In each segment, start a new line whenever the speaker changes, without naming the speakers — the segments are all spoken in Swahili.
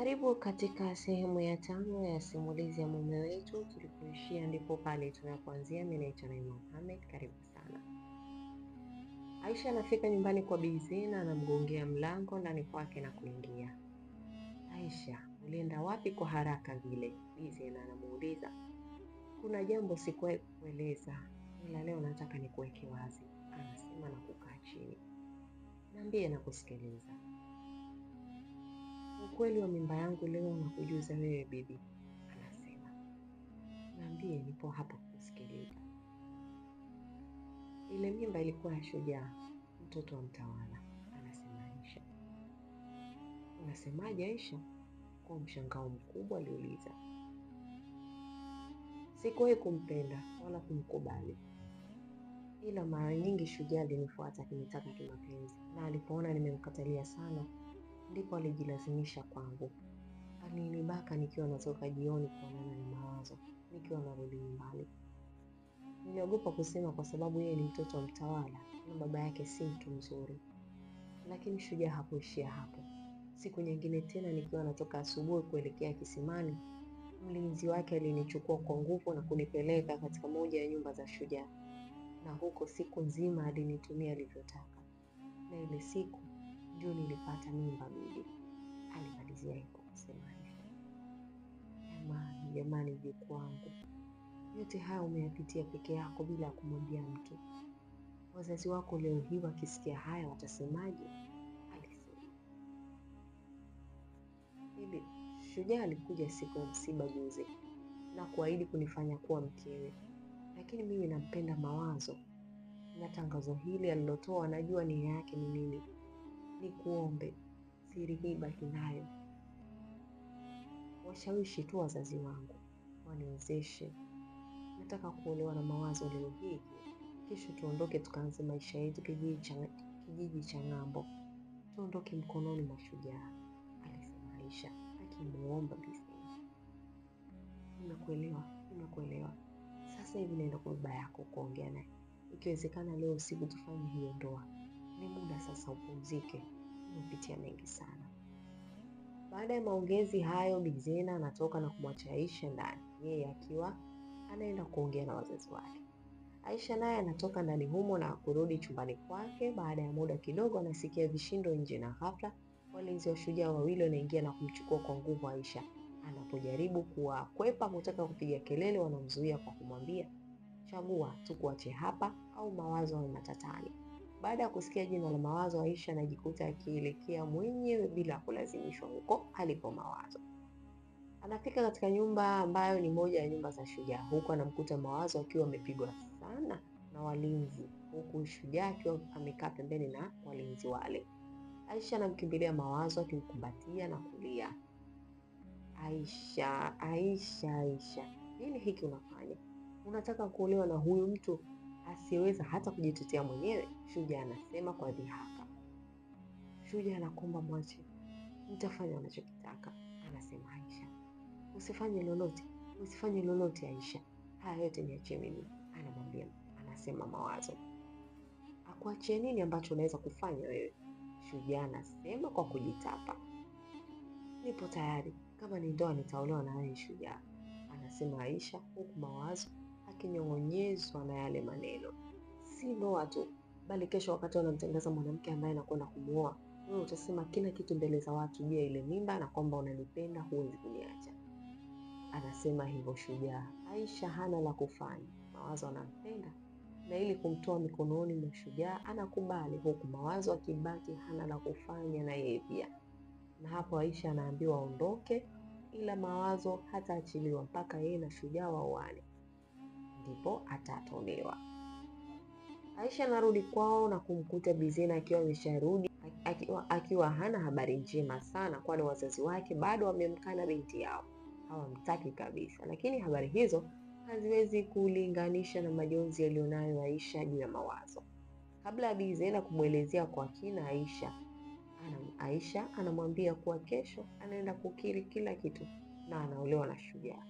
Karibu katika sehemu ya tano ya simulizi ya mume wetu. Tulipoishia ndipo pale tunapoanzia. Mimi naitwa Naima Mohamed, karibu sana. Aisha anafika nyumbani kwa Bi Zena, anamgongea mlango ndani kwake na kuingia. Aisha, ulienda wapi kwa haraka vile? Bi Zena anamuuliza. Kuna jambo sikuwahi kueleza, ila leo nataka nikuweke wazi, anasema na kukaa chini. Niambie na kusikiliza ukweli wa mimba yangu leo na kujuza wewe bibi, anasema. Naambie nipo hapa kusikiliza. Ile mimba ilikuwa ya Shujaa, mtoto wa mtawala, anasema Aisha. Unasemaje Aisha? Kwa mshangao mkubwa aliuliza. Sikuwahi kumpenda wala kumkubali, ila mara nyingi Shujaa alinifuata akinitaka kimapenzi, na alipoona nimemkatalia sana ndipo alijilazimisha kwangu. Alinibaka nikiwa natoka jioni kuonana na Mawazo, nikiwa narudi nyumbani. Niliogopa kusema kwa sababu yeye ni mtoto wa mtawala na baba yake si mtu mzuri, lakini shujaa hakuishia hapo. Siku nyingine tena, nikiwa natoka asubuhi kuelekea kisimani, mlinzi wake alinichukua kwa nguvu na kunipeleka katika moja ya nyumba za shujaa, na huko siku nzima alinitumia alivyotaka, na ile siku ndio nilipata mimba mimi, alimalizia hivyo kusema hivyo. Jamani, jamani, vipi wangu, yote haya umeyapitia peke yako bila ya kumwambia mtu. Wazazi wako leo hii wakisikia haya watasemaje? Alisema hivi. Shujaa alikuja siku ya msiba juzi na kuahidi kunifanya kuwa mkewe, lakini mimi nampenda Mawazo na tangazo hili alilotoa, anajua nia yake ni nini ni kuombe siri hii baki nayo, washawishi tu wazazi wangu waniwezeshe. Nataka kuolewa na mawazo leo hii, kesho tuondoke tukaanze maisha yetu kijiji cha ng'ambo, tuondoke mkononi mwa shujaa, alisema Aisha akimwomba Nimekuelewa, nimekuelewa. Sasa hivi naenda kwa baba yako kuongea naye, ikiwezekana leo usiku tufanye hiyo ndoa ni muda sasa upumzike, umepitia mengi sana. Baada ya maongezi hayo, Bizena anatoka na kumwacha Aisha ndani, yeye akiwa anaenda kuongea na wazazi wake. Aisha naye anatoka ndani humo na kurudi chumbani kwake. Baada ya muda kidogo, anasikia vishindo nje, na ghafla walinzi wa shujaa wawili wanaingia na kumchukua kwa nguvu Aisha. Anapojaribu kuwakwepa kutaka kupiga kelele, wanamzuia kwa kumwambia, chagua tukuache hapa au mawazo ni matatani. Baada ya kusikia jina la mawazo, Aisha anajikuta akielekea mwenyewe bila kulazimishwa huko alipo mawazo. Anafika katika nyumba ambayo ni moja ya nyumba za Shujaa. Huko anamkuta mawazo akiwa amepigwa sana na walinzi, huku Shujaa akiwa amekaa pembeni na walinzi wale. Aisha anamkimbilia mawazo akimkumbatia na kulia, Aisha, Aisha, Aisha, nini hiki unafanya? Unataka kuolewa na huyu mtu? asiyeweza hata kujitetea mwenyewe, Shujaa anasema kwa dhihaka. Shujaa anakuomba mwache, nitafanya unachokitaka, anasema Aisha. Usifanye lolote, usifanye lolote Aisha, haya yote niachie mimi, anamwambia, anasema Mawazo. Akuachie nini ambacho unaweza kufanya wewe? Shujaa anasema kwa kujitapa. Nipo tayari, kama ni ndoa nitaolewa na wewe Shujaa, anasema Aisha, huku Mawazo akinyong'onyezwa na yale maneno, si ndoa tu, bali kesho wakati wanamtangaza mwanamke ambaye anakwenda kumuoa, wewe utasema kila kitu mbele za watu juu ya ile mimba na kwamba unanipenda, huwezi kuniacha. Anasema hivyo shujaa. Aisha hana la kufanya, mawazo anampenda na ili kumtoa mikononi mwa shujaa anakubali, huku mawazo akibaki hana la kufanya na yeye pia. Na hapo Aisha anaambiwa aondoke, ila mawazo hataachiliwa mpaka yeye na shujaa waoane ndipo atatolewa. Aisha anarudi kwao na kumkuta Bizina akiwa amesharudi akiwa, akiwa hana habari njema sana, kwani wazazi wake bado wamemkana binti yao, hawamtaki kabisa. Lakini habari hizo haziwezi kulinganisha na majonzi yaliyonayo Aisha juu ya mawazo. Kabla ya Bizena kumwelezea kwa kina Aisha Aisha anamwambia kuwa kesho anaenda kukiri kila kitu na anaolewa na Shujaa.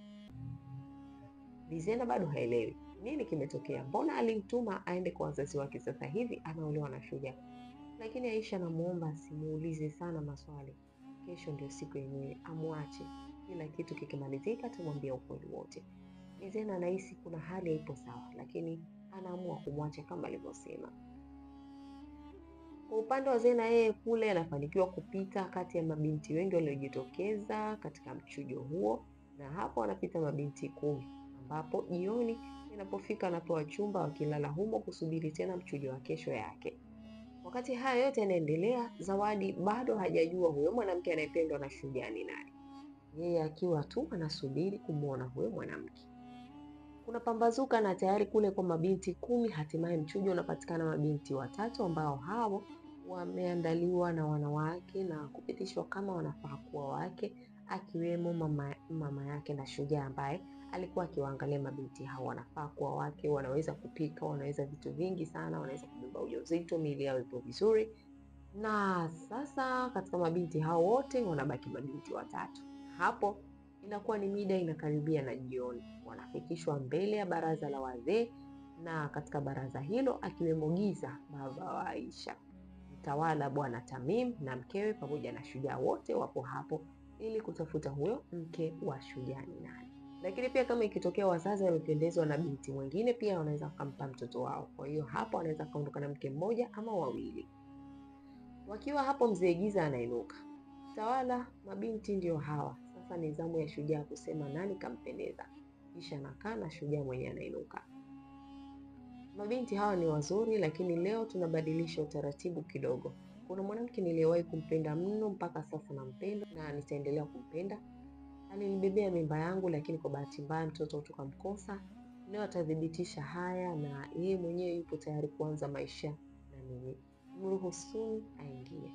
Biziana bado haelewi nini kimetokea, mbona alimtuma aende kwa wazazi wake, sasa hivi anaolewa na Shuja. Lakini Aisha anamuomba asimuulize sana maswali, kesho ndio siku yenyewe, amwache kila kitu kikimalizika, tumwambie ukweli wote. Biziana anahisi kuna hali haipo sawa, lakini anaamua kumwacha kama alivyosema. Kwa upande wa Zena, yeye kule anafanikiwa kupita kati ya mabinti wengi waliojitokeza katika mchujo huo, na hapo anapita mabinti kumi ambapo jioni inapofika anapewa chumba, wakilala humo kusubiri tena mchujo wa kesho yake. Wakati haya yote yanaendelea, Zawadi bado hajajua huyo mwanamke anayependwa na Shujaa ni nani, yeye akiwa tu anasubiri kumwona huyo mwanamke. Kuna pambazuka na tayari kule kwa mabinti kumi, hatimaye mchujo unapatikana mabinti watatu ambao hao wameandaliwa na wanawake na kupitishwa kama wanafaa kuwa wake, akiwemo mama, mama yake na Shujaa ambaye alikuwa akiwaangalia mabinti hao, wanafaa kuwa wake, wanaweza kupika, wanaweza vitu vingi sana, wanaweza kubeba ujauzito, miili yao ipo vizuri. Na sasa katika mabinti hao wote wanabaki mabinti watatu. Hapo inakuwa ni mida inakaribia na jioni, wanafikishwa mbele ya baraza la wazee, na katika baraza hilo akiwemo Giza, baba wa Aisha, mtawala Bwana Tamim na mkewe pamoja na shujaa wote wapo hapo ili kutafuta huyo mke wa shujaa ni nani. Lakini pia kama ikitokea wazazi wamependezwa na binti mwingine, pia wanaweza kumpa mtoto wao. Kwa hiyo hapo anaweza kaondoka na mke mmoja ama wawili. Wakiwa hapo, mzee giza anainuka. Tawala, mabinti ndio hawa sasa. Ni zamu ya shujaa kusema nani kampendeza, kisha nakaa na shujaa mwenye anainuka. Mabinti hawa ni wazuri, lakini leo tunabadilisha utaratibu kidogo. Kuna mwanamke niliyewahi kumpenda mno mpaka sasa nampenda na nitaendelea kumpenda Alinibebea mimba yangu, lakini kwa bahati mbaya mtoto tukamkosa. Leo atathibitisha haya, na yeye mwenyewe yupo tayari kuanza maisha na mimi. Mruhusuni aingie.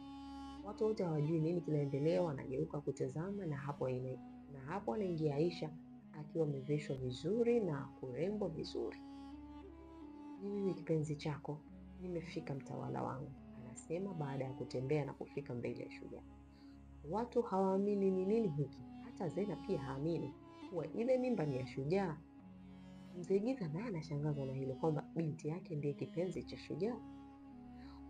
Watu wote hawajui nini kinaendelea, wanageuka kutazama, na hapo ine, na hapo anaingia Aisha akiwa amevishwa vizuri na kurembwa vizuri. Ni mimi kipenzi chako, nimefika mtawala wangu, anasema baada ya kutembea na kufika mbele ya shujaa. Watu hawaamini ni nini hiki hata Zena pia haamini kuwa ile mimba ni ya Shujaa. Mzee Giza naye anashangazwa na hilo kwamba binti yake ndiye kipenzi cha Shujaa.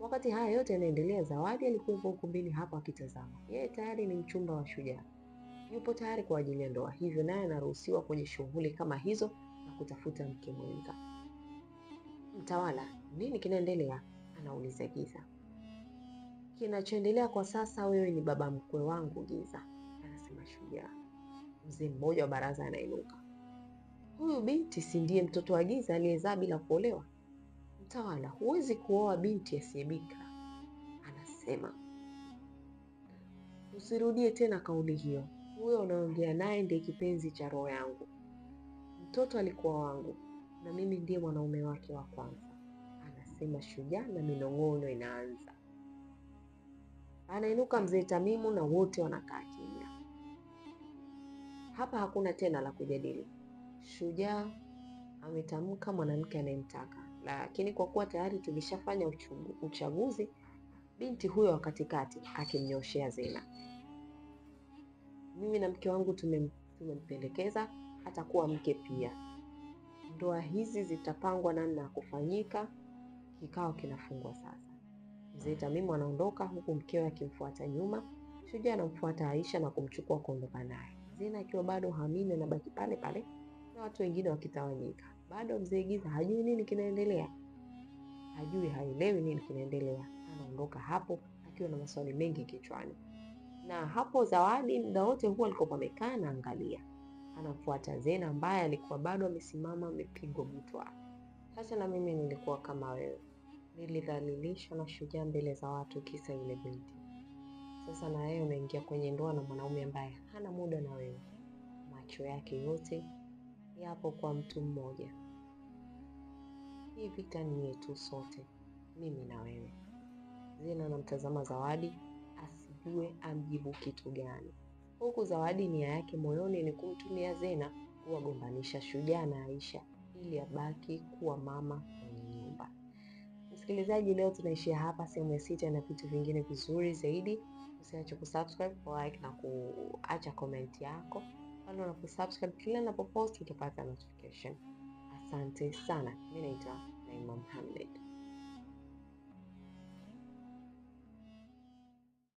Wakati haya yote yanaendelea, Zawadi alikuwepo ukumbini hapo akitazama. Yeye tayari ni mchumba wa Shujaa, yupo tayari kwa ajili ya ndoa, hivyo naye anaruhusiwa kwenye shughuli kama hizo na kutafuta mke mwenza. Mtawala, nini kinaendelea? Anauliza Giza. Kinachoendelea kwa sasa, wewe ni baba mkwe wangu Giza, anasema Shujaa mzee mmoja wa baraza anainuka. Huyu binti si ndiye mtoto wa giza aliyezaa bila kuolewa? Mtawala, huwezi kuoa binti asiyebika, anasema. Usirudie tena kauli hiyo, huyo unaongea naye ndiye kipenzi cha roho yangu. Mtoto alikuwa wangu na mimi ndiye mwanaume wake wa kwanza, anasema shujaa, na minong'ono inaanza. Anainuka mzee Tamimu na wote wanakaa kimya. Hapa hakuna tena la kujadili. Shujaa ametamka mwanamke anayemtaka, lakini kwa kuwa tayari tulishafanya uchaguzi, binti huyo wa katikati akimnyoshea Zena. Mimi na mke wangu tumem, tumempendekeza atakuwa mke pia. Ndoa hizi zitapangwa namna ya kufanyika. Kikao kinafungwa sasa. Mzee Tamimu anaondoka huku mkewe akimfuata nyuma. Shujaa anamfuata Aisha na kumchukua kuondoka naye. Zena akiwa bado hamini anabaki pale pale na watu wengine wakitawanyika. Bado mzee Giza hajui nini kinaendelea, hajui haelewi nini kinaendelea, anaondoka hapo akiwa na maswali mengi kichwani. Na hapo Zawadi muda wote huwa alikuwa amekaa na angalia, anafuata Zena ambaye alikuwa bado amesimama amepigwa butwa. Sasa na mimi nilikuwa kama wewe, nilidhalilishwa na shujaa mbele za watu, kisa yule binti. Sasa na wewe umeingia kwenye ndoa na mwanaume ambaye hana muda na wewe, macho yake yote yapo kwa mtu mmoja. Hii vita ni yetu sote, mimi na wewe. Zena anamtazama Zawadi asijue amjibu kitu gani, huku Zawadi nia yake moyoni ni kumtumia Zena kuwagombanisha Shujaa na Aisha ili abaki kuwa mama mwenye nyumba.
Msikilizaji, leo tunaishia hapa. Sehemu ya sita na vitu vingine vizuri zaidi usiache kusubscribe, like na kuacha comment yako. Pale unaposubscribe, kila post utapata notification. Asante sana. Mimi naitwa Naima Mohamed.